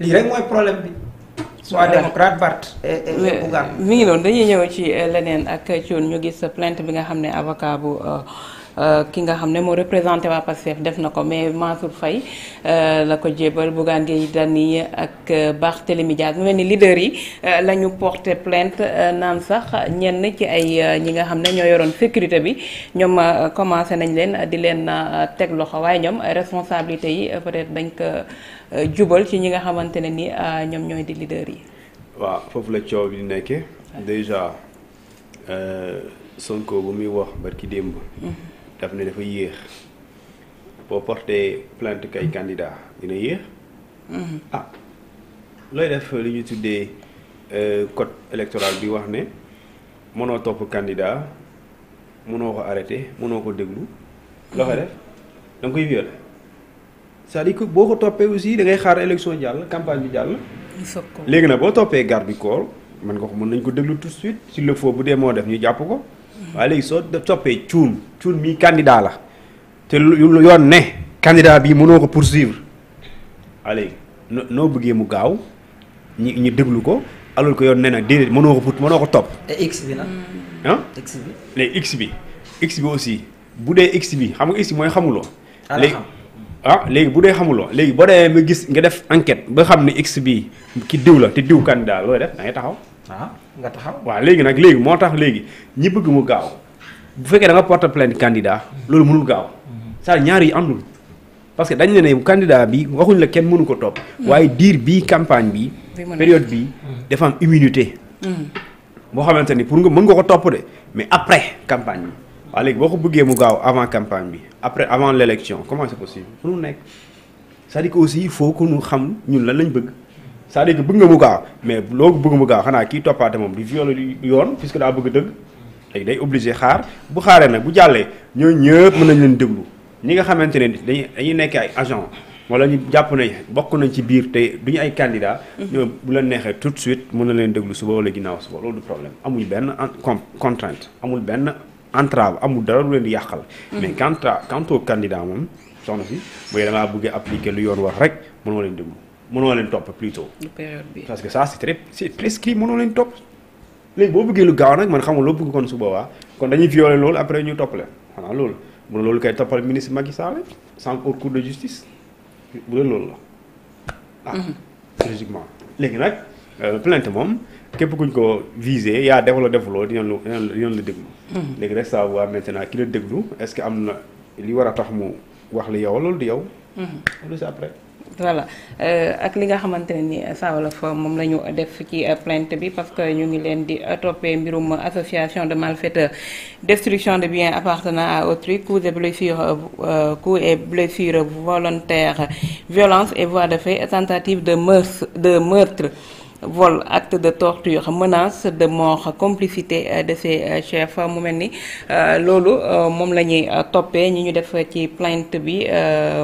lii rek mooy problème bi. soit démocrate Barth eh, eh, Bougane mi ngi noonu dañuy ñëw ci eh, leneen ak Thion ñu gis plainte bi nga xam ne avocat bu. Euh, Euh, ki nga xam ne moo représenté waa Pastef def na ko mais Mansour Faye euh, la ko jébal Bougane Gueye Dany ak euh, Barthélémy Dias mu mel ni leader yi la ñu porté plainte naan sax ñenn ci ay ñi nga xam ne ñoo yoroon sécurité bi ñoom commencé nañ leen di leen teg loxo waaye ñoom responsabilité yi peut-être dañ ko jubal ci ñi nga xamante ne ni ñoom ñooy di leader yi. waaw foofu la coow bi nekkee déjà Sonko bu muy wax barki démb. Mm-hmm. daf ne dafa yéex boo porté plainte kay candidat dina yéex. Mm-hmm. ah looy def li ñu tuddee euh, code électoral bi wax ne mënoo topp candidat mënoo ko arrêté mënoo ko déglu. loo koy mm-hmm. def da koy violé cest di dire boo ko toppee aussi da ngay xaar élection jàll campagne bi jàll. léegi nag boo toppee garde bi corps mën nga ko mën nañ ko déglu tout de suite s'il le faut bu dee moo def ñu jàpp ko. waaye léegi soo toppee cuun cuun mii candidat la te lu yoon ne candidat bi mënoo ko pour poursuivre waaye léegi noo bëggee mu gaaw ñu ñu déglu ko alors que yoon ne na déedéet mënoo ko pour mënoo ko topp. te bi nag. ah x bi léegi x bi x bi aussi bu dee x bi xam nga x bi mooy xamuloo. léegi ah léegi bu dee xamuloo léegi boo demee ma gis nga def enquête ba xam ne x bi ki diw la te diw candidat looy def da ngay taxaw. ah nga taxaw waaw léegi nag léegi moo tax léegi ñi bëgg mu gaaw bu fekkee da nga porte plainte candidat loolu mënul gaaw saa mhm. ñaar yi àndul parce que dañ ne ne candidat bi waxuñ la kenn mënu ko topp mhm. waaye diir bi campagne bi période bi mhm. dafa am immunité boo xamante ni pour nga mën nga ko topp de mais après campagne bi waaw léegi boo ko bëggee mu gaaw avant campagne bi après avant l' élection comment c' est possible nekk sa à aussi foo ko que xam ñun lan lañ bëgg c'est-à-dire que nga mu gaaw mais loo bëgg mu gaaw xanaa kii toppaate moom di viole yoon puisque daa bëgg dëgg léegi day obligé xaar bu xaaree nag bu jàllee ñooñu ñëpp mën nañ leen déglu ñi nga xamante ne dañuy dañuy nekk ay agent wala ñu jàpp ne bokk nañ ci biir te du ñu ay candidat mhm. ñoom bu leen neexee tout de suite mën na leen déglu suba walla ginnaaw suba loolu du problème amul benn contrainte amul benn entrave amul dara lu leen di yàqal mhm. mais quant à quant moom soxna si mooy da ngaa bëggee appliquer lu yoon wax rek mënoo déglu mënoo leen topp plutôt. période parce que ça c' est très c' est prescrit mënoo leen topp. léegi boo bëggee lu gaaw nag man xamul loo bëgg kon su boobaa kon dañuy violer loolu après ñu toppale xanaa loolu mun loolu kay toppal ministre Macky Sall sans haute cour de justice bu dee loolu la. ah mhm. logiquement léegi nag euh, plainte moom képp kuñ ko visé yaa defu la defuloo dinañ la dinañ la déglu. Mhm. léegi reste à voir maintenant ki la déglu est ce que am na li war a tax mu wax li yow loolu di yow. Mhm. voilà euh, ak li nga xamante ne ni Sawolof moom la ñu def ci plainte bi parce que ñu ngi leen di toppee mbirum association de malfaiteurs destruction de biens appartenant à autrui coups et blessures euh, coups et blessures volontaires violence et voies de fait tentative de meurtre de meurtre vol acte de torture menace de mort complicité euh, de ces euh, chefs mu mel ni euh, loolu moom la ñuy toppee ñi ñu def ci plainte bi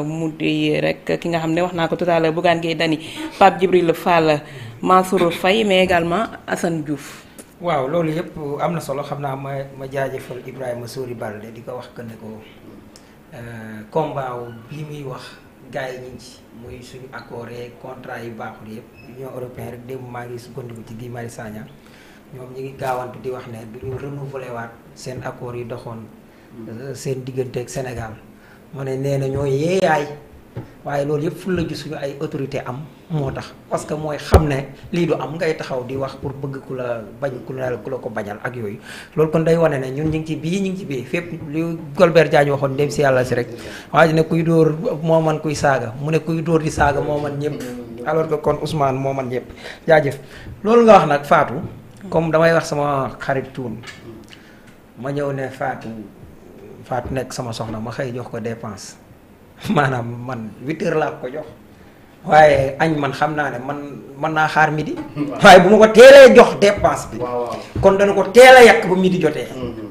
mu di rek ki nga xam ne wax naa ko tout à l'heure Bougane Gueye Dany Pape Djibril Fall Mansour Faye mais également Assane Diouf. waaw loolu yëpp am na solo xam naa ma ma jaajëfal Ibrahima Sori Balde di ko wax que ne ko combat li muy wax. gars yi ñu ngi ci muy suñu accord yeeg contrat yi baaxul yëpp union européenne rek démb maa ngi sukkandiku ci Guy Marius Sagna ñoom ñu ngi gaawantu di wax ne du ñu renouveler waat seen accord yi doxoon mm. euh, seen digganteeg Sénégal mu ne nee na ñoo yeeyaay waaye loolu yëpp fulla gi suñu ay autorité am moo tax parce que mooy xam ne lii du am ngay taxaw di wax pour bëgg ku la bañ ku la ku la ko bañal ak yooyu loolu kon day wane ne ñun ñu ngi ci bii ñu ngi ci bii fépp lu Golbert Diagne waxoon dem si yàlla si rek waaye ne kuy dóor moo man kuy saaga mu ne kuy dóor di saaga moo man ñëpp alors que kon Ousmane moo man ñëpp jaajëf loolu nga wax nag faatu comme damay wax sama xarit tuun ma ñëw ne Fatou Fatou nekk sama soxna ma xëy jox ko dépense maanaam man huit heures laa ko jox waaye añ man xam naa ne man mën naa xaar midi. waaye bu ma ko teelee jox dépense bi. kon dana ko teel a yàq ba midi jotee. Mm-hmm.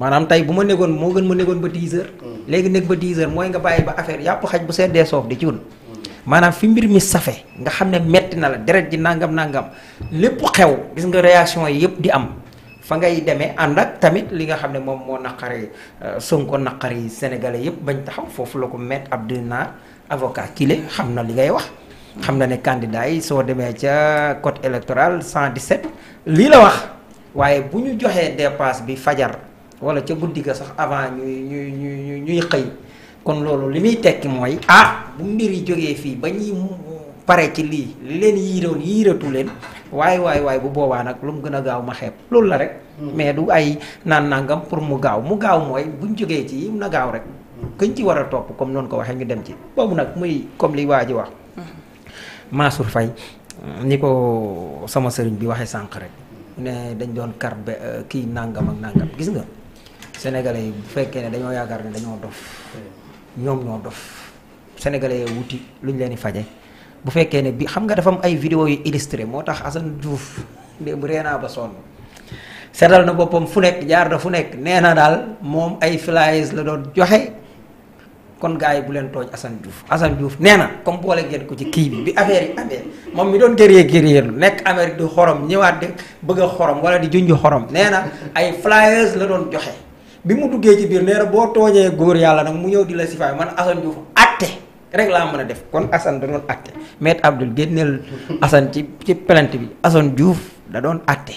maanaam tey bu ma négoon moo gën ma négoon ba dix heures. Mm. léegi nekk ba dix heures mooy nga bàyyi ba affaire yàpp xaj bu seddee soof di ciun mm. maanaam fi mbir mi safe nga xam ne metti na la deret ji nangam nangam lépp xew gis nga réaction yi yëpp di am. fa ngay demee ànd ak tamit li nga xam ne moom moo naqari euh, Sonko naqari sénégale yëpp bañ taxaw foofu la ko maître Abdou Nar avocat kile xam na li ngay wax. xam na ne candidat yi soo demee ca code électoral 117 lii la wax waaye bu ñu joxee dépasse bi fajar wala ca guddi ga sax avant ñuy ñuy ñuy ñuy xëy kon loolu li muy tekki mooy ah bu mbir yi jógee fii ba ñuy pare ci lii li leen yiiroon yiiratu leen waaye waay waaye bu boobaa nag lu mu gën a gaaw ma xeeb loolu la rek. Hmm. mais du ay naan nangam pour mu gaaw mu gaaw mooy buñ jógee ci na gaaw rek. Hmm. këñ ci war a topp comme noonu ko waxee ñu dem ci boobu nag muy comme li waa ji wax. Hmm. Mansour fay ni ko sama sëriñ bi waxee sànq rek ne dañ doon kar be euh, kii nàngam ak nangam gis nga sénégalais yi bu fekkee ne dañoo yaakaar ne dañoo dof ñoom ñoo dof sénégalais yi wuti luñ leen di faje bu fekkee ne bi xam nga dafa am ay video yu illustré moo tax Assane Diouf bu reenaa ba sonn seetal na boppam fu nekk jaar da fu nekk nee na daal moom ay flyers la doon joxe kon gars yi bu leen tooñ Assane Diouf Assane Diouf nee na comme boole ngeen ko ci kii bi bi affaire moom mi doon gëree gëree lu nekk Amérique di xorom ñëwaat de bëgg xorom wala di junj xorom nee na ay flyers la doon joxe bi mu duggee ci biir nee na boo tooñee góor yàlla nag mu ñëw di la sifaay man Assane Diouf atte rek laa mën a def kon Assane da doon àtte maître Abdoul génneel Assane ci ci plainte bi Assane Diouf da doon àtte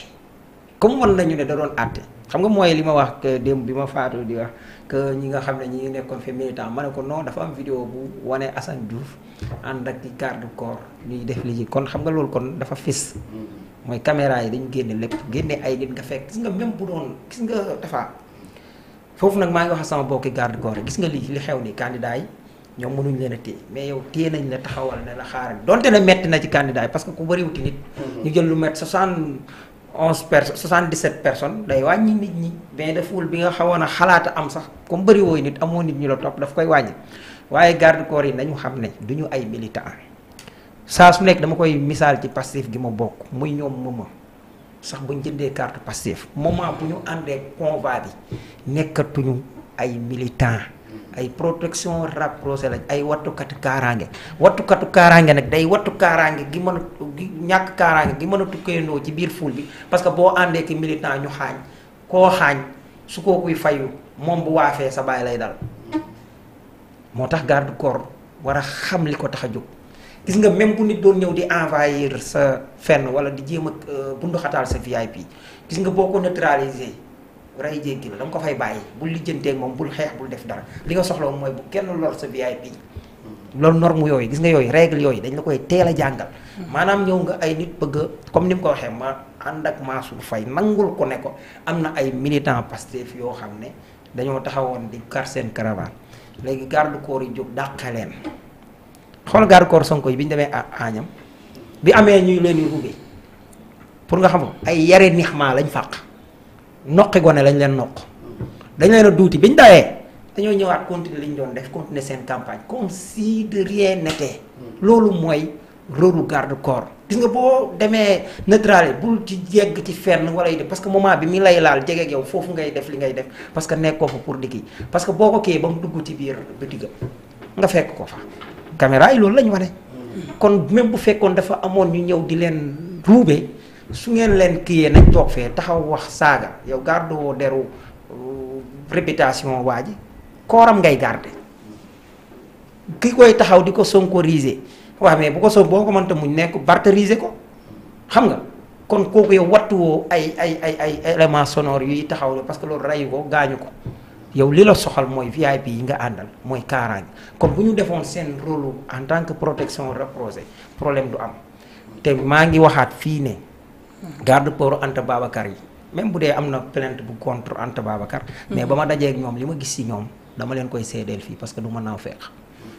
comme wan nañu ne da doon àtte xam nga mooy li ma wax démb bi ma faatu di wax que ñi nga xam ne ñi ngi nekkoon fi militant ma ne ko non dafa am vidéo bu wane Assane Diouf ànd ak ci garde corps ñuy def lii ci kon xam nga loolu kon dafa fis mooy caméra yi dañu génne lépp génne ay nit nga fekk gis nga même bu doon gis nga dafa foofu nag maa ngi wax sama bokki garde corps gis nga lii li xew ni candidat ñoom mënuñ leen a téye mais yow téye nañ la taxawal ne la xaaral donte ne metti na ci candidat yi parce que ku bëriwuti nit. Mhm. ñu jël lu métti soixante onze personnes soixante dix sept personnes day wàññi nit ñi. mais deful bi nga xawoon a xalaat am sax comme bëri nit amoon nit ñu la topp daf koy wàññi waaye garde corps yi nañu xam ne duñu ay militant saa su nekk dama koy misaal ci Pastef gi ma bokk muy ñoom mëma sax bu ñu jëndee carte Pastef moment bu ñu àndee convoi bi nekkatuñu ay militant ay protection rapproché lañ ay wattukatu kaaraange wattukatu kaaraange nag day wattu kaaraange gi mën a ñàkk kaaraange gi mën a tukkandoo ci biir foule bi parce que boo àndee ki militant ñu xaañ koo xaañ su koo kuy fayu moom bu waafee sa baay lay dal moo tax garde corps war a xam li ko tax a jóg gis nga même bu nit doon ñëw di envahir sa fenn wala di jéem a euh, bunduxataal sa VIP gis nga boo ko neutraliser ray jéggi la danga ko fay bàyyi bul lijjantee moom bul xeex bul def dara li nga soxla mooy bu kenn lor sa VIP loolu norme yooyu gis nga yooyu règle yooyu dañ la koy teel jàngal hmm. maanaam ñëw nga ay nit bëgg comme ni mu ko waxee ma ànd ak Mansour fay nangul ko ne ko am na ay militant Pastef yoo xam ne dañoo taxawoon di kar seen caravane léegi garde corps yi jóg leen xool garde corps Sonko yi bi ñu demee Agnam bi amee ñuy leen yu nga xam ay yare nix lañ fàq noqi gone lañ leen noq dañ leen a duuti biñ dawee dañoo ñëwaat continuer li ñu doon def continuer seen campagne comme si de rien loolu mooy rôlu garde corps gis nga boo demee neutrale bul ci jeg ci fenn wala yi def parce que moment bi muy lay laal jege yow foofu ngay def li ngay def parce que nekkoo fa pour dikki parce que boo ko kii ba mu dugg ci biir du digga nga fekk ko fa caméra yi loolu lañ wane mm. kon même bu fekkoon dafa amoon ñu ñëw di leen ruube su ngeen leen kii kiyee nañ toog fee taxaw wax saaga yow woo deru euh, réputation waa ji kooram ngay garde ki koy taxaw di ko sonkoriser waaw mais bu ko soog boo ko mënta muñ nekk barteriser ko xam nga kon kooku yow wattuwoo ay ay ay ay éléments sonores yuy taxaw parce que loolu rayu ko gaañu ko yow li la soxal mooy VIP yi nga àndal mooy kaaraange kon bu ñu defoon seen rôle en tant que protection rapprochée problème du am te maa ngi waxaat fii ne. garde corps Anta Babacar yi même bu dee am na plainte bu contre Anta Babacar mais mm-hmm. ba ma dajee ñoom li ma gis ci ñoom dama leen koy seedeel fii parce que du ma naaw feex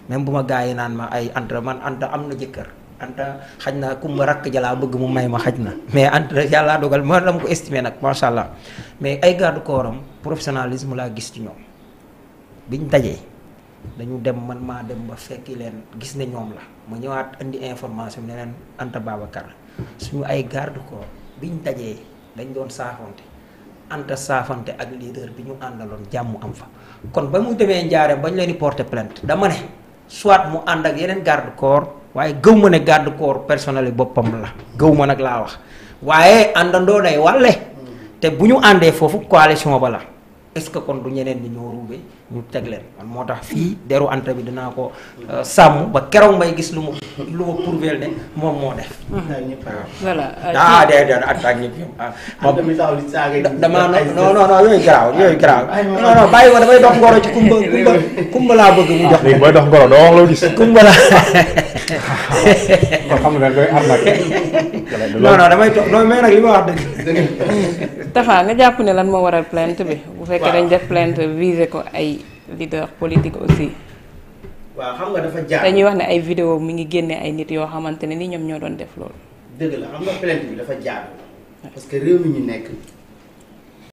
même bu ma gars yi naan ma ay Anta man Anta am na jëkkër Anta xaj na ku ma rakk jalaa bëgg mu may ma xaj na mais Anta yàlla dogal ma la ma ko estimé nag macha allah mais ay garde corps am professionnalisme laa gis ci ñoom biñ dajee dañu dem man maa dem ba fekki leen gis ne ñoom la ma ñëwaat indi information ne leen Anta Babacar suñu ay garde corps biñ dajee dañ doon saafante anta saafante ak leader bi ñu àndaloon jàmm am fa kon ba mu demee njaareem ba ñu leen di porter plainte dama ne soit mu ànd ak yeneen garde waaye gëw ma ne garde corps personnel boppam la gëw ma nag laa wax waaye àndandoo day wàlle mm. te bu ñu àndee foofu coalition ba la est-ce que kon du ñeneen ñi ñoo ruubee ñu teg leen man moo tax fii deru Anta bi dinaa ko euh, sàmm ba keroog may gis lu mu lu ma prouvé ne moom moo def. voilà. ah déedéet Anta ak ñëpp bi ah, ah, ah, damaa non non non yooyu garaaw yooyu garaaw non non bàyyi ma damay dox ngoro ci kumba kumba kumba laa bëgg mu jox. léegi booy dox ngoro doo wax loo gis. kumba laa. kon xam nga doy arnaque non non damay toog non jàpp ne lan moo waral plainte bi. bu fekkee dañ def plainte visé ko ay leader politique aussi. xam nga dafa jaar dañuy wax ne ay vidéo mu ngi génne ay nit yoo xamante ne ni ñoom ñoo doon def loolu. dëgg la parce que réew mi nekk.